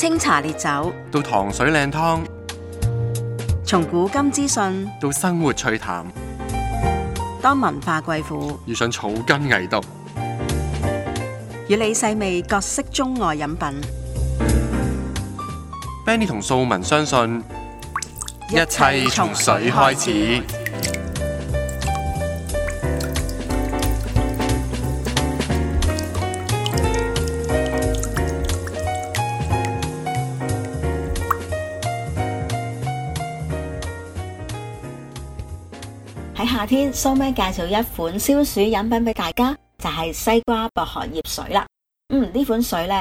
清茶烈酒，到糖水靚湯；從古今資訊到生活趣談，當文化貴婦遇上草根藝毒，與你細味各式中外飲品。Benny 同素文相信，一切從水開始。天蘇咩介紹一款消暑飲品俾大家，就係、是、西瓜薄荷葉水啦。嗯，呢款水呢，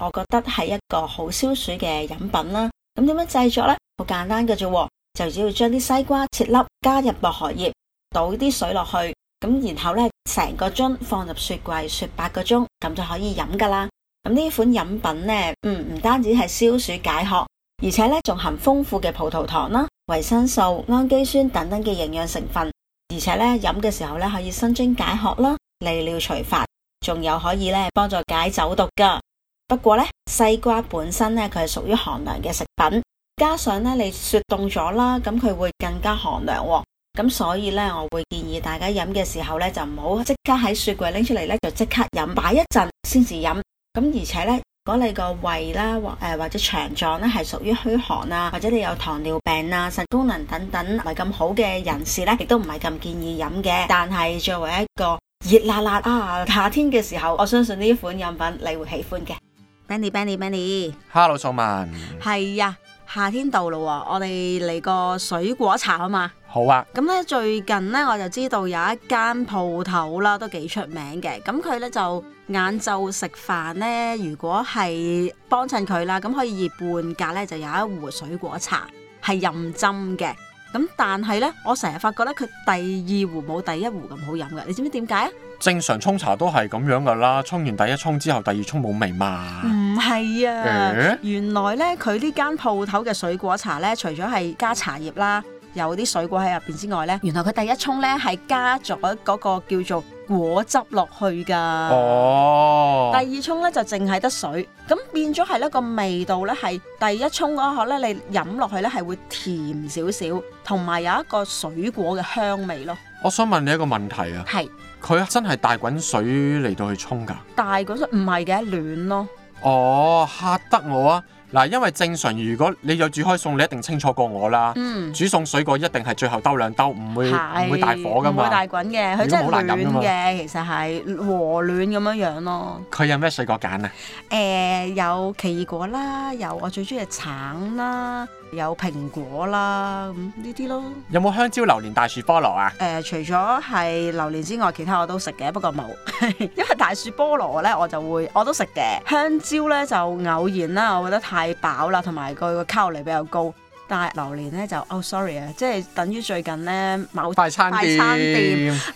我覺得係一個好消暑嘅飲品啦。咁點樣製作呢？好簡單嘅啫，就只要將啲西瓜切粒，加入薄荷葉，倒啲水落去，咁然後呢，成個樽放入雪櫃雪八個鐘，咁就可以飲噶啦。咁呢款飲品呢，嗯，唔單止係消暑解渴，而且呢，仲含豐富嘅葡萄糖啦、維生素、氨基酸等等嘅營養成分。而且咧，飲嘅時候咧，可以生津解渴啦，利尿除煩，仲有可以咧，幫助解酒毒噶不過咧，西瓜本身咧，佢係屬於寒涼嘅食品，加上咧，你雪凍咗啦，咁佢會更加寒涼，哦。咁所以咧，我會建議大家飲嘅時候咧，就唔好即刻喺雪櫃拎出嚟咧，就即刻飲，擺一陣先至飲。咁而且咧。如果你個胃啦，或誒或者腸臟咧係屬於虛寒，啊，或者你有糖尿病啊、腎功能等等唔係咁好嘅人士咧，亦都唔係咁建議飲嘅。但係作為一個熱辣辣啊，夏天嘅時候，我相信呢款飲品你會喜歡嘅。Benny，Benny，Benny，Hello，宋曼。係啊，夏天到咯，我哋嚟個水果茶啊嘛。好啊！咁咧最近咧我就知道有一間鋪頭啦，都幾出名嘅。咁佢咧就晏晝食飯咧，如果係幫襯佢啦，咁可以熱半價咧就有一壺水果茶，係任斟嘅。咁但係咧，我成日發覺咧佢第二壺冇第一壺咁好飲噶。你知唔知點解啊？正常沖茶都係咁樣噶啦，沖完第一沖之後，第二沖冇味嘛。唔係啊，欸、原來咧佢呢間鋪頭嘅水果茶咧，除咗係加茶葉啦。有啲水果喺入邊之外呢，原來佢第一沖呢係加咗嗰個叫做果汁落去㗎。哦，第二沖呢就淨係得水，咁變咗係呢個味道呢，係第一沖嗰一刻呢，你飲落去呢係會甜少少，同埋有一個水果嘅香味咯。我想問你一個問題啊，係佢係真係大滾水嚟到去沖㗎？大滾水唔係嘅，暖咯。哦，嚇得我啊！嗱，因為正常如果你有煮開餸，你一定清楚過我啦。嗯、煮餸水果一定係最後兜兩兜，唔會唔是會大火㗎嘛，唔會大滾嘅，佢如果 真係暖嘅，難其實係和暖咁樣樣咯。佢有咩水果揀啊？誒、欸，有奇異果啦，有我最中意嘅橙啦。有蘋果啦，咁呢啲咯。有冇香蕉、榴槤、大樹菠蘿啊？誒、呃，除咗係榴槤之外，其他我都食嘅。不過冇， 因為大樹菠蘿呢，我就會我都食嘅。香蕉呢，就偶然啦，我覺得太飽啦，同埋佢個卡路里比較高。但係榴槤咧就哦、oh, sorry 啊，即係等於最近咧，某快餐店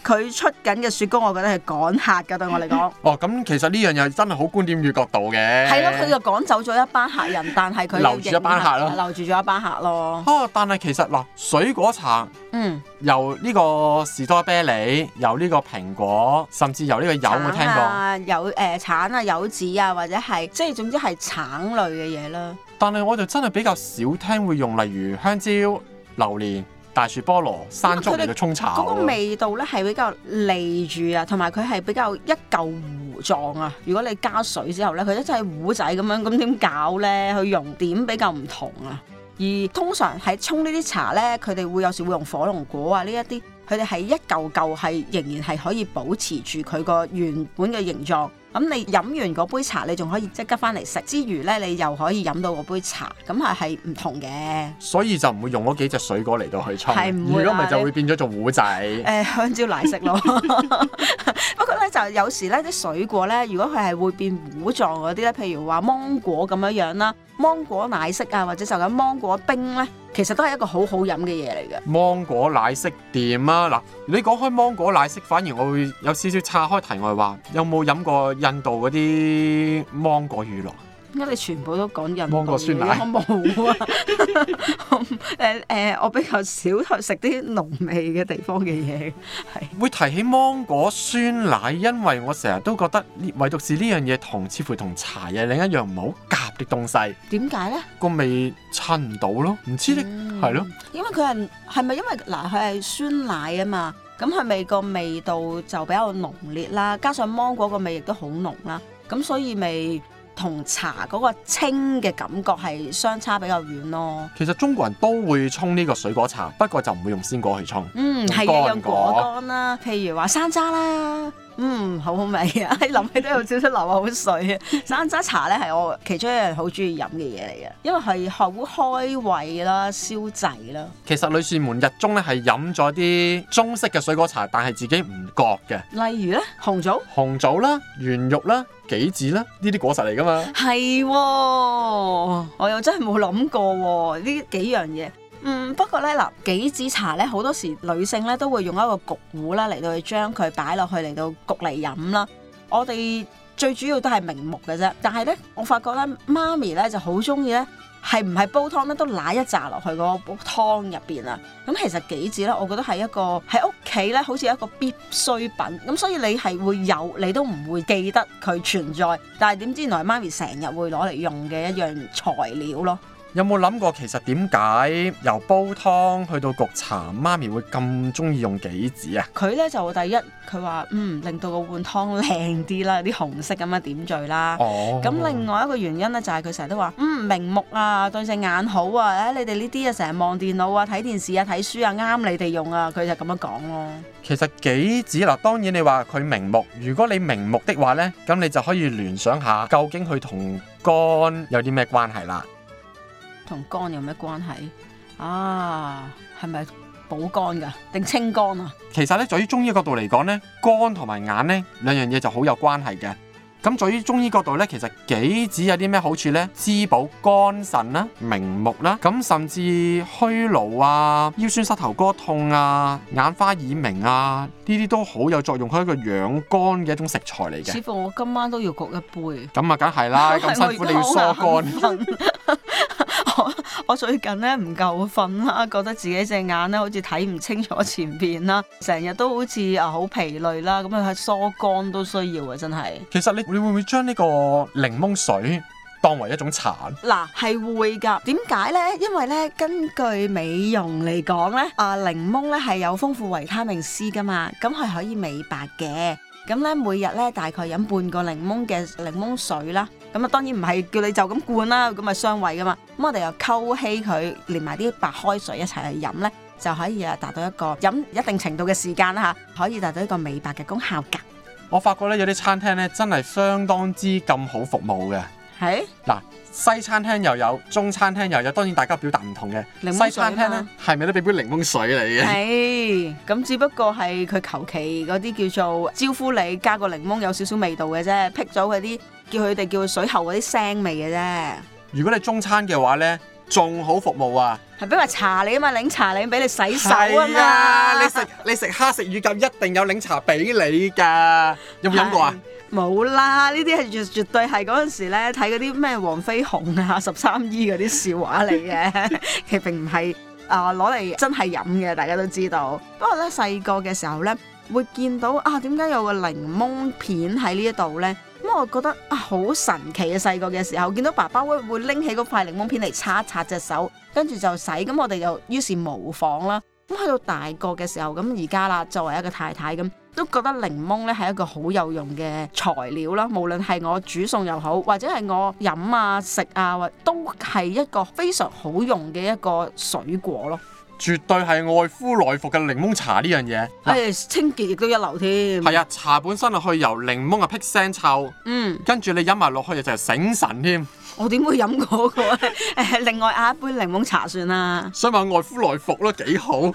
佢出緊嘅雪糕，我覺得係趕客嘅，對我嚟講、嗯嗯。哦，咁、嗯、其實呢樣嘢真係好觀點與角度嘅。係咯，佢就趕走咗一班客人，但係佢留住咗一班客咯。留住咗一班客咯。嚇、啊！但係其實嗱，水果茶，嗯，由呢個士多啤梨，由呢個蘋果，甚至由呢個柚，我、啊、聽過有誒、呃、橙啊、柚子啊，或者係即係總之係橙類嘅嘢啦。但係我就真係比較少聽會用，例如香蕉、榴槤、大樹菠蘿、山竹嚟沖茶。嗰個味道咧係比較利住啊，同埋佢係比較一嚿糊狀啊。如果你加水之後咧，佢真係糊仔咁樣，咁點搞咧？佢用點比較唔同啊？而通常喺沖呢啲茶咧，佢哋會有時會用火龍果啊呢一啲，佢哋係一嚿嚿係仍然係可以保持住佢個原本嘅形狀。咁你飲完嗰杯茶，你仲可以即刻翻嚟食，之餘呢，你又可以飲到嗰杯茶，咁係係唔同嘅。所以就唔會用嗰幾隻水果嚟到去沖，如果唔係就會變咗做糊仔。誒，香蕉奶昔咯。 不過呢，就有時呢啲水果呢，如果佢係會變糊狀嗰啲呢，譬如話芒果咁樣樣啦，芒果奶昔啊，或者就咁芒果冰呢。其實都係一個很好好飲嘅嘢嚟嘅，芒果奶昔店啊，嗱，你講開芒果奶昔，反而我會有少少岔開題外話，有冇飲過印度嗰啲芒果乳酪？點解你全部都講印度？我冇啊！誒誒，我比較少去食啲濃味嘅地方嘅嘢。係會提起芒果酸奶，因為我成日都覺得唯獨是呢樣嘢同，似乎同茶係另一樣唔係好夾嘅東西。點解咧？個味襯唔到咯，唔知咧，係咯。因為佢係係咪因為嗱佢係酸奶啊嘛？咁佢味個味道就比較濃烈啦，加上芒果個味亦都好濃啦，咁所以咪。同茶嗰個清嘅感覺係相差比較遠咯。其實中國人都會沖呢個水果茶，不過就唔會用鮮果去沖，嗯，係要用乾果，果乾啦，啊，譬如話山楂啦。嗯，好好味啊！你諗起都有少少流口水啊！ 山楂茶咧係我其中一樣好中意飲嘅嘢嚟嘅，因為係好開胃啦、消滯啦。其實女士們日中咧係飲咗啲中式嘅水果茶，但係自己唔覺嘅。例如咧，紅棗、紅棗啦、圓肉啦、杞子啦，呢啲果實嚟噶嘛？係、哦，我又真係冇諗過呢幾樣嘢。嗯，不過咧嗱，杞子茶咧好多時女性咧都會用一個焗壺啦，嚟到將佢擺落去嚟到焗嚟飲啦。我哋最主要都係明目嘅啫。但係咧，我發覺咧，媽咪咧就好中意咧，係唔係煲湯咧都揦一扎落去嗰煲湯入邊啊。咁、嗯、其實杞子咧，我覺得係一個喺屋企咧好似一個必需品。咁、嗯、所以你係會有，你都唔會記得佢存在。但係點知原來媽咪成日會攞嚟用嘅一樣材料咯。有冇諗過，其實點解由煲湯去到焗茶，媽咪會咁中意用杞子啊？佢咧就第一，佢話，嗯，令到個碗湯靚啲啦，有啲紅色咁樣點綴啦。哦。咁另外一個原因咧就係佢成日都話嗯，明目啊，對隻眼好啊。誒，你哋呢啲啊成日望電腦啊、睇電視啊、睇書啊，啱你哋用啊。佢就咁樣講咯。其實杞子嗱，當然你話佢明目，如果你明目的話咧，咁你就可以聯想下究竟佢同肝有啲咩關係啦。同肝有咩關係啊？係咪補肝噶定清肝啊？其實咧，在於中醫角度嚟講咧，肝同埋眼咧兩樣嘢就好有關係嘅。咁在於中醫角度咧，其實杞子有啲咩好處咧？滋補肝腎啦，明目啦，咁、啊、甚至虛勞啊、腰酸膝頭哥痛啊、眼花耳鳴啊呢啲都好有作用，佢係一個養肝嘅一種食材嚟嘅。似乎我今晚都要焗一杯。咁啊，梗係啦，咁辛苦你 要疏肝。我最近咧唔夠瞓啦，覺得自己隻眼咧好似睇唔清楚前邊啦，成日都好似啊好疲累啦，咁啊疏肝都需要啊，真係。其實你你會唔會將呢個檸檬水當為一種茶？嗱，係會㗎。點解呢？因為咧根據美容嚟講咧，啊檸檬咧係有豐富維他命 C 㗎嘛，咁係可以美白嘅。咁咧每日咧大概飲半個檸檬嘅檸檬水啦。咁啊，當然唔係叫你就咁灌啦，咁啊傷胃噶嘛。咁我哋又溝稀佢，連埋啲白開水一齊去飲呢，就可以啊達到一個飲一定程度嘅時間啦嚇，可以達到一個美白嘅功效㗎。我發覺呢，有啲餐廳呢真係相當之咁好服務嘅，係嗱是。西餐廳又有，中餐廳又有，當然大家表達唔同嘅。檸檬西餐廳咧，係咪都俾杯檸檬水你？係，咁只不過係佢求其嗰啲叫做招呼你，加個檸檬有少少味道嘅啫，撇咗佢啲叫佢哋叫水喉嗰啲腥味嘅啫。如果你中餐嘅話呢，仲好服務啊，係俾埋茶你啊嘛，檸茶你俾你洗手啊嘛。啊你食你食蝦食魚咁，一定有檸茶俾你㗎，有冇飲過啊？冇啦，呢啲係絕絕對係嗰陣時咧睇嗰啲咩黃飛鴻啊、十三姨嗰啲笑話嚟嘅， 其實並唔係啊攞嚟真係飲嘅，大家都知道。不過咧細個嘅時候咧，會見到啊，點解有個檸檬片喺呢度咧？咁我覺得啊好神奇嘅細個嘅時候，見到爸爸會會拎起嗰塊檸檬片嚟擦一擦隻手，跟住就洗。咁我哋就於是模仿啦。咁去到大個嘅時候，咁而家啦作為一個太太咁。都覺得檸檬咧係一個好有用嘅材料啦，無論係我煮餸又好，或者係我飲啊食啊，都係一個非常好用嘅一個水果咯。絕對係外敷內服嘅檸檬茶呢樣嘢，誒清潔亦都一流添。係啊，茶本身係去油，檸檬啊辟腥臭。嗯，跟住你飲埋落去就係醒神添。我點會飲嗰、那個咧？ 另外嗌一杯檸檬茶算啦。想話外敷內服咯，幾好。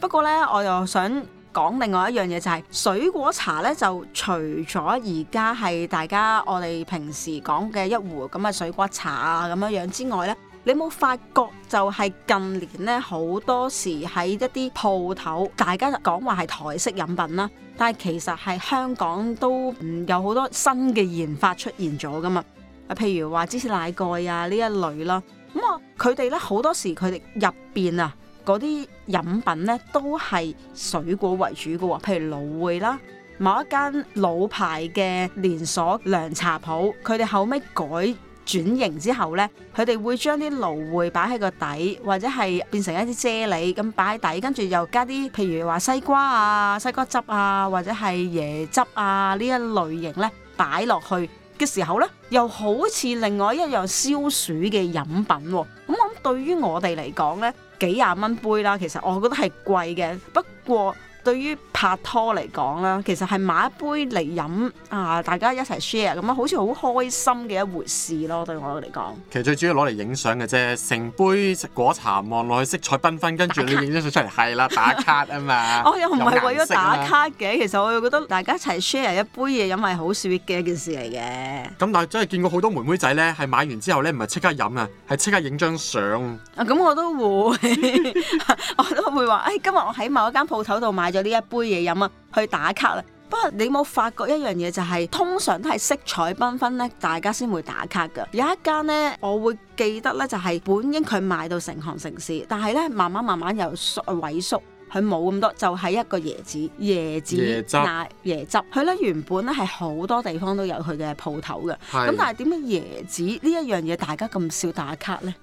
不過呢，我又想講另外一樣嘢，就係水果茶呢，就除咗而家係大家我哋平時講嘅一壺咁嘅水果茶啊，咁樣樣之外呢，你冇發覺就係近年呢好多時喺一啲鋪頭，大家講話係台式飲品啦，但係其實係香港都有好多新嘅研發出現咗噶嘛，譬如話芝士奶蓋啊呢一類啦，咁我佢哋呢好多時佢哋入邊啊，嗰啲飲品咧都係水果為主嘅喎，譬如蘆薈啦，某一間老牌嘅連鎖涼茶鋪，佢哋後尾改轉型之後咧，佢哋會將啲蘆薈擺喺個底，或者係變成一啲啫喱咁擺喺底，跟住又加啲譬如話西瓜啊、西瓜汁啊，或者係椰汁啊呢一類型咧擺落去嘅時候咧，又好似另外一樣消暑嘅飲品喎。咁我諗對於我哋嚟講咧。幾廿蚊杯啦，其實我覺得係貴嘅，不過，對於拍拖嚟講啦，其實係買一杯嚟飲啊，大家一齊 share 咁啊，好似好開心嘅一回事咯。對我嚟講，其實最主要攞嚟影相嘅啫，成杯果茶望落去色彩繽紛，跟住你影張相出嚟，係啦，打卡啊嘛。 我又唔係為咗打卡嘅，其實我又覺得大家一齊 share 一杯嘢飲係好 sweet 嘅一件事嚟嘅。咁但係真係見過好多妹妹仔咧，係買完之後咧，唔係即刻飲啊，係即刻影張相。咁我都會， 我都會話，誒、哎、今日我喺某一間鋪頭度買咗。呢一杯嘢飲啊，去打卡啦。不過你有冇發覺一樣嘢就係、是，通常都係色彩繽紛咧，大家先會打卡噶。有一間咧，我會記得咧，就係、是、本應佢賣到成行成市，但係咧，慢慢慢慢又萎縮，佢冇咁多，就係、是、一個椰子、椰子、奶、椰汁。佢咧汁原本咧係好多地方都有佢嘅鋪頭嘅。咁是但係點解椰子呢一樣嘢大家咁少打卡咧？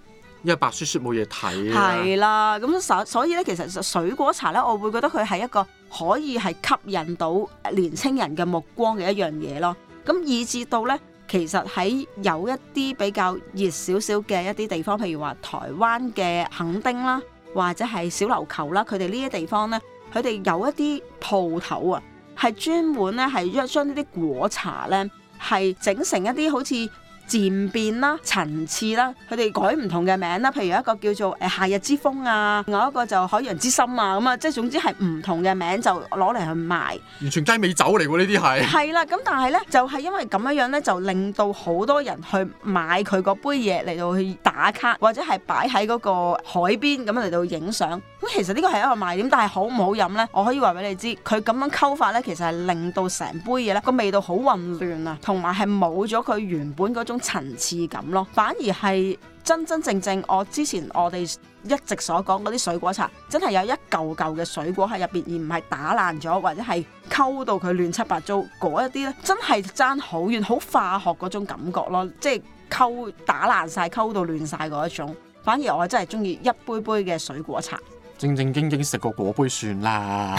因為白雪雪冇嘢睇，係啦，咁、嗯、所以咧，其實水果茶咧，我會覺得佢係一個可以係吸引到年青人嘅目光嘅一樣嘢咯。咁、嗯、以至到咧，其實喺有一啲比較熱少少嘅一啲地方，譬如話台灣嘅墾丁啦，或者係小琉球啦，佢哋呢啲地方咧，佢哋有一啲鋪頭啊，係專門咧係將呢啲果茶咧係整成一啲好似～漸變啦，層次啦，佢哋改唔同嘅名啦，譬如一個叫做夏日之風啊，另一個就海洋之心啊，咁啊，即係總之係唔同嘅名就攞嚟去賣。完全雞尾酒嚟喎，呢啲係。係啦，咁但係呢，就係、是、因為咁樣樣呢，就令到好多人去買佢嗰杯嘢嚟到去打卡，或者係擺喺嗰個海邊咁嚟到影相。咁其實呢個係一個賣點，但係好唔好飲呢？我可以話俾你知，佢咁樣溝法呢，其實係令到成杯嘢呢個味道好混亂啊，同埋係冇咗佢原本嗰種層次感咯。反而係真真正正我之前我哋一直所講嗰啲水果茶，真係有一舊舊嘅水果喺入邊，而唔係打爛咗或者係溝到佢亂七八糟嗰一啲呢，真係爭好遠，好化學嗰種感覺咯。即係溝打爛晒、溝到亂晒嗰一種。反而我真係中意一杯杯嘅水果茶。正正經經食個果杯算啦。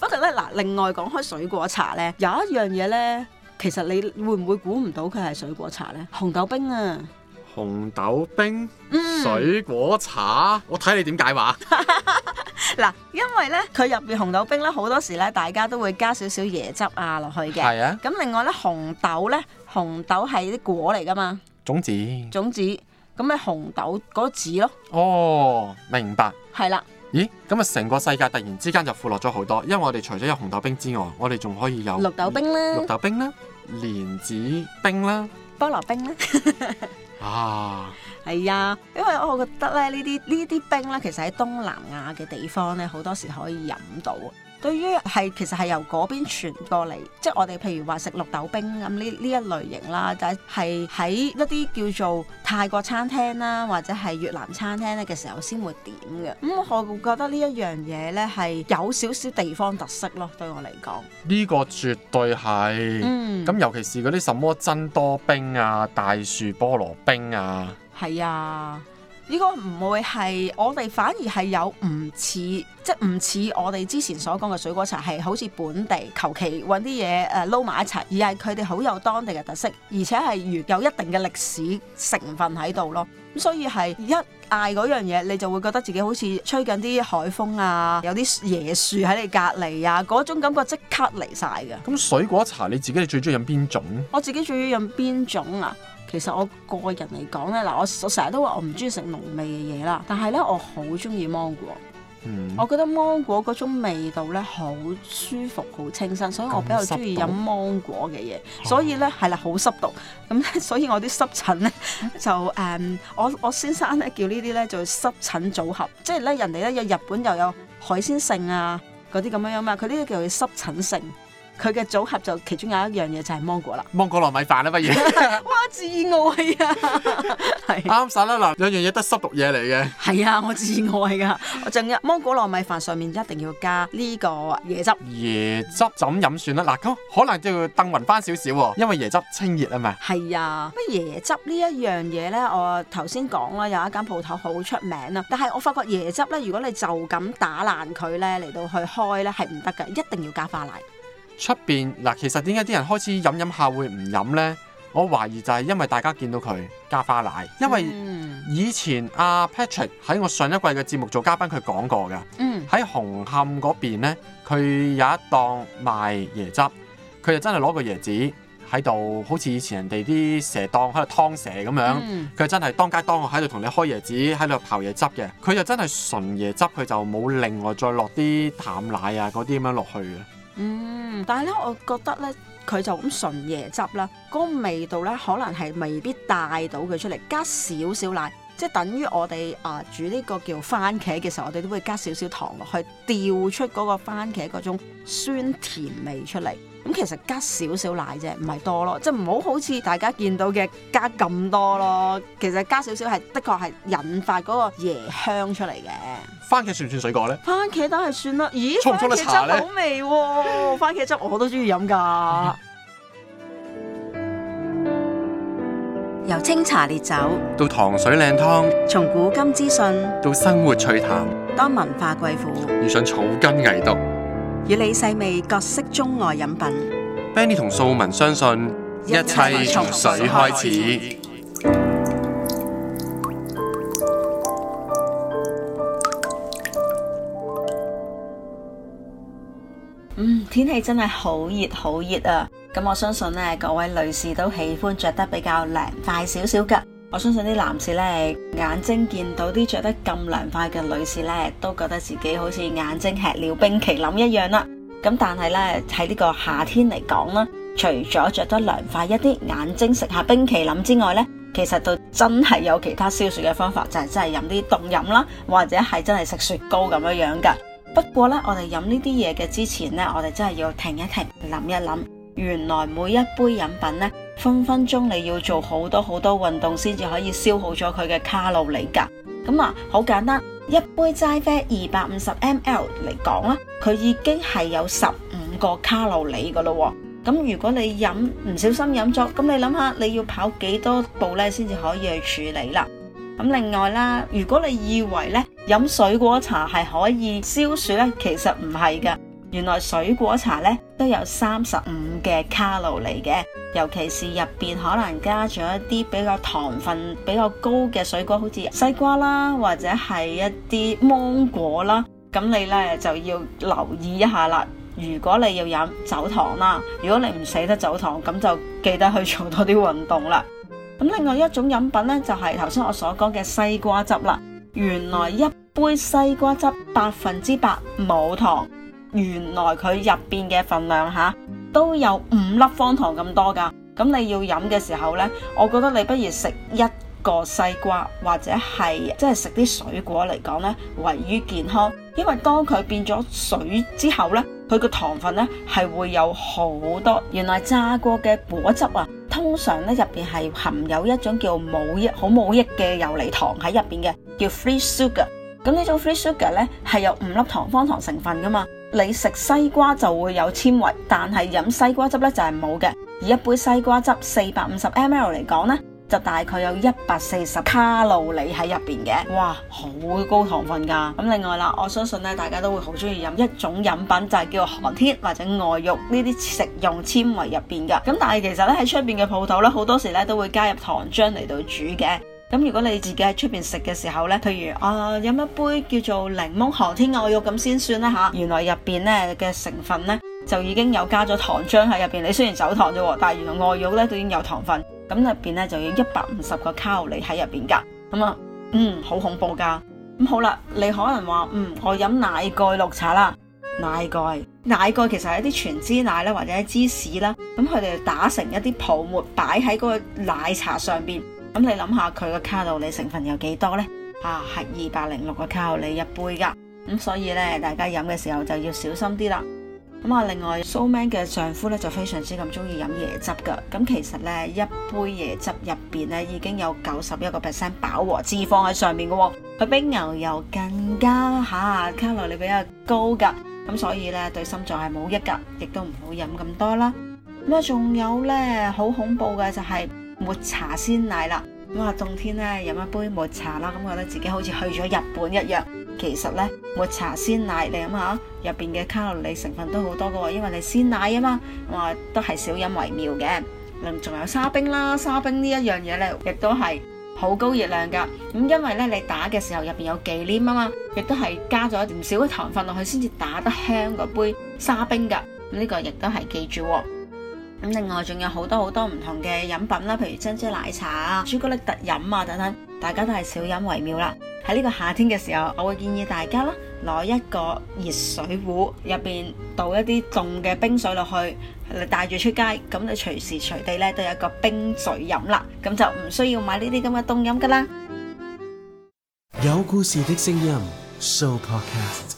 不過咧嗱，另外講開水果茶咧，有一樣嘢咧，其實你會唔會估唔到佢係水果茶咧？紅豆冰啊！紅豆冰水果茶，我睇你點解話？嗱，因為咧佢入邊紅豆冰咧好多時咧，大家都會加少少椰汁啊落去嘅。係啊。咁另外咧紅豆咧，紅豆係啲果嚟㗎嘛？種子。種子。咁咪紅豆嗰字咯。哦、嗯，明白。係啦的。咦，咁啊，成個世界突然之間就富落咗好多，因為我哋除咗有紅豆冰之外，我哋仲可以有綠豆冰啦，綠豆冰啦，蓮子冰啦，菠蘿冰啦。 啊，係啊，因為我覺得咧，呢啲呢啲冰咧，其實喺東南亞嘅地方咧，好多時可以飲到。對於係其實係由嗰邊傳過嚟，即係我哋譬如話食綠豆冰咁呢呢一類型啦，就係、是、喺一啲叫做泰國餐廳啦，或者係越南餐廳咧嘅時候先會點嘅。咁、嗯、我覺得呢一樣嘢呢係有少少地方特色咯，對我嚟講。呢個絕對係，咁、嗯、尤其是嗰啲什麼珍多冰啊、大樹菠蘿冰啊，係啊。呢個唔會係我哋，反而係有唔似，即係唔似我哋之前所講嘅水果茶，係好似本地求其揾啲嘢誒撈埋一齊，而係佢哋好有當地嘅特色，而且係如有一定嘅歷史成分喺度咯。咁所以係一嗌嗰樣嘢，你就會覺得自己好似吹緊啲海風啊，有啲椰樹喺你隔離啊，嗰種感覺即刻嚟晒嘅。咁水果茶你自己最鍾意飲邊種？我自己最鍾意飲邊種啊？其實我個人嚟講咧，嗱，我我成日都話我唔中意食濃味嘅嘢啦，但係咧我好中意芒果，嗯、我覺得芒果嗰種味道咧好舒服、好清新，所以我比較中意飲芒果嘅嘢、嗯。所以咧係啦，好濕毒，咁所以我啲濕疹咧 就誒，um, 我我先生咧叫呢啲咧就濕疹組合，即係咧人哋咧有日本又有海鮮性啊嗰啲咁樣樣嘛，佢呢啲叫濕疹性。佢嘅組合就其中有一樣嘢就係芒果啦，芒果糯米飯啦，不如 哇，至愛啊，係啱晒啦。嗱，兩樣嘢得濕毒嘢嚟嘅，係啊，我至愛噶、啊。我仲有芒果糯米飯上面一定要加呢個椰汁，椰汁就咁飲算啦？嗱，咁可能就要燉勻翻少少喎，因為椰汁清熱啊嘛。係啊，乜椰汁呢一樣嘢咧？我頭先講啦，有一間鋪頭好出名啦，但係我發覺椰汁咧，如果你就咁打爛佢咧嚟到去開咧係唔得嘅，一定要加花奶。出邊嗱，其實點解啲人開始飲飲下會唔飲呢？我懷疑就係因為大家見到佢加花奶，因為以前阿、啊、Patrick 喺我上一季嘅節目做嘉賓，佢講過嘅喺、嗯、紅磡嗰邊呢，佢有一檔賣椰汁，佢就真係攞個椰子喺度，好似以前人哋啲蛇檔喺度劏蛇咁樣，佢、嗯、真係當街當我喺度同你開椰子，喺度刨椰汁嘅，佢就真係純椰汁，佢就冇另外再落啲淡奶啊嗰啲咁樣落去嘅，嗯但係咧，我覺得咧，佢就咁純椰汁啦，嗰、那個味道咧，可能係未必帶到佢出嚟。加少少奶，即係等於我哋啊、呃、煮呢個叫番茄嘅時候，我哋都會加少少糖落去，調出嗰個番茄嗰種酸甜味出嚟。咁其實加少少奶啫，唔係多咯，即係唔好好似大家見到嘅加咁多咯。其實加少少係的確係引發嗰個椰香出嚟嘅。番茄算唔算水果咧？番茄都係算啦。咦，蔥蔥茶番茄汁好味喎，啊！ 番茄汁我都中意飲㗎。由清茶烈酒到糖水靚湯，從古今資訊到生活趣談，當文化貴婦遇上草根藝毒。與你細味各式中外飲品，Benny 同素文相信一切從水開始。嗯，天氣真係好熱好熱啊！咁、嗯、我相信呢，各位女士都喜歡着得比較涼快少少噶。我相信啲男士咧，眼睛見到啲着得咁涼快嘅女士咧，都覺得自己好似眼睛吃了冰淇淋一樣啦。咁但係咧，喺呢個夏天嚟講啦，除咗着得涼快一啲，眼睛食下冰淇淋之外咧，其實都真係有其他消暑嘅方法，就係真係飲啲凍飲啦，或者係真係食雪糕咁樣樣噶。不過咧，我哋飲呢啲嘢嘅之前咧，我哋真係要停一停，諗一諗，原來每一杯飲品咧。分分鐘你要做好多好多運動先至可以消耗咗佢嘅卡路里噶。啊，咁啊好簡單，一杯齋啡二百五十 ml 嚟講啦，佢已經係有十五個卡路里噶咯，咁如果你飲唔小心飲咗，咁你諗下你要跑幾多步咧先至可以去處理啦。咁另外啦，如果你以為咧飲水果茶係可以消暑咧，其實唔係噶，原來水果茶咧都有三十五嘅卡路里嘅。尤其是入邊可能加咗一啲比較糖分比較高嘅水果，好似西瓜啦，或者係一啲芒果啦，咁你呢就要留意一下啦。如果你要飲走糖啦，如果你唔捨得走糖，咁就記得去做多啲運動啦。咁另外一種飲品呢，就係頭先我所講嘅西瓜汁啦。原來一杯西瓜汁百分之百冇糖。原來佢入邊嘅份量嚇、啊、都有五粒方糖咁多㗎。咁你要飲嘅時候呢，我覺得你不如食一個西瓜，或者係即係食啲水果嚟講呢，為於健康。因為當佢變咗水之後呢，佢個糖分呢係會有好多。原來榨過嘅果汁啊，通常呢入邊係含有一種叫冇益好冇益嘅游離糖喺入邊嘅，叫 free sugar。咁呢種 free sugar 呢，係有五粒糖方糖成分㗎嘛。你食西瓜就會有纖維，但係飲西瓜汁咧就係冇嘅。而一杯西瓜汁四百五十 mL 嚟講咧，就大概有一百四十卡路里喺入邊嘅，哇，好高糖分㗎。咁另外啦，我相信咧，大家都會好中意飲一種飲品，就係叫寒天或者外肉呢啲食用纖維入邊㗎。咁但係其實咧喺出邊嘅鋪頭咧，好多時咧都會加入糖漿嚟到煮嘅。咁如果你自己喺出邊食嘅時候呢，譬如啊，飲、呃、一杯叫做檸檬寒天愛玉咁先算啦，吓、啊。原來入邊呢嘅成分呢，就已經有加咗糖漿喺入邊。你雖然走糖啫，但係原來愛玉呢都已經有糖分。咁入邊呢就要一百五十個卡路里喺入邊噶。咁、嗯、啊，嗯，好恐怖噶。咁好啦，你可能話，嗯，我飲奶蓋綠茶啦，奶蓋，奶蓋其實係一啲全脂奶啦，或者係芝士啦。咁佢哋打成一啲泡沫，擺喺嗰個奶茶上邊。咁你諗下佢個卡路里成分有幾多呢？啊，係二百零六個卡路里一杯噶。咁、嗯、所以咧，大家飲嘅時候就要小心啲啦。咁啊，另外蘇 Man 嘅丈夫咧就非常之咁中意飲椰汁噶。咁、啊、其實咧，一杯椰汁入邊咧已經有九十一個 percent 飽和脂肪喺上面嘅。佢比牛油更加吓、啊、卡路里比較高噶。咁、啊、所以咧，對心臟係冇益噶，亦都唔好飲咁多啦。咁啊，仲有咧好恐怖嘅就係、是。抹茶鮮奶啦，咁啊，冬天咧飲一杯抹茶啦，咁覺得自己好似去咗日本一樣。其實咧，抹茶鮮奶你諗下，入邊嘅卡路里成分都好多噶，因為你鮮奶啊嘛，我話都係少飲為妙嘅。咁仲有沙冰啦，沙冰呢一樣嘢咧，亦都係好高熱量噶。咁因為咧，你打嘅時候入邊有忌廉啊嘛，亦都係加咗唔少嘅糖分落去，先至打得香嗰杯沙冰噶。咁、這、呢個亦都係記住、哦。咁另外仲有好多好多唔同嘅飲品啦，譬如珍珠奶茶啊、朱古力特飲啊等等，大家都係少飲為妙啦。喺呢個夏天嘅時候，我會建議大家啦，攞一個熱水壺入邊倒一啲凍嘅冰水落去，你帶住出街，咁你隨時隨地咧都有個冰水飲啦，咁就唔需要買呢啲咁嘅凍飲噶啦。有故事的聲音，Supercast。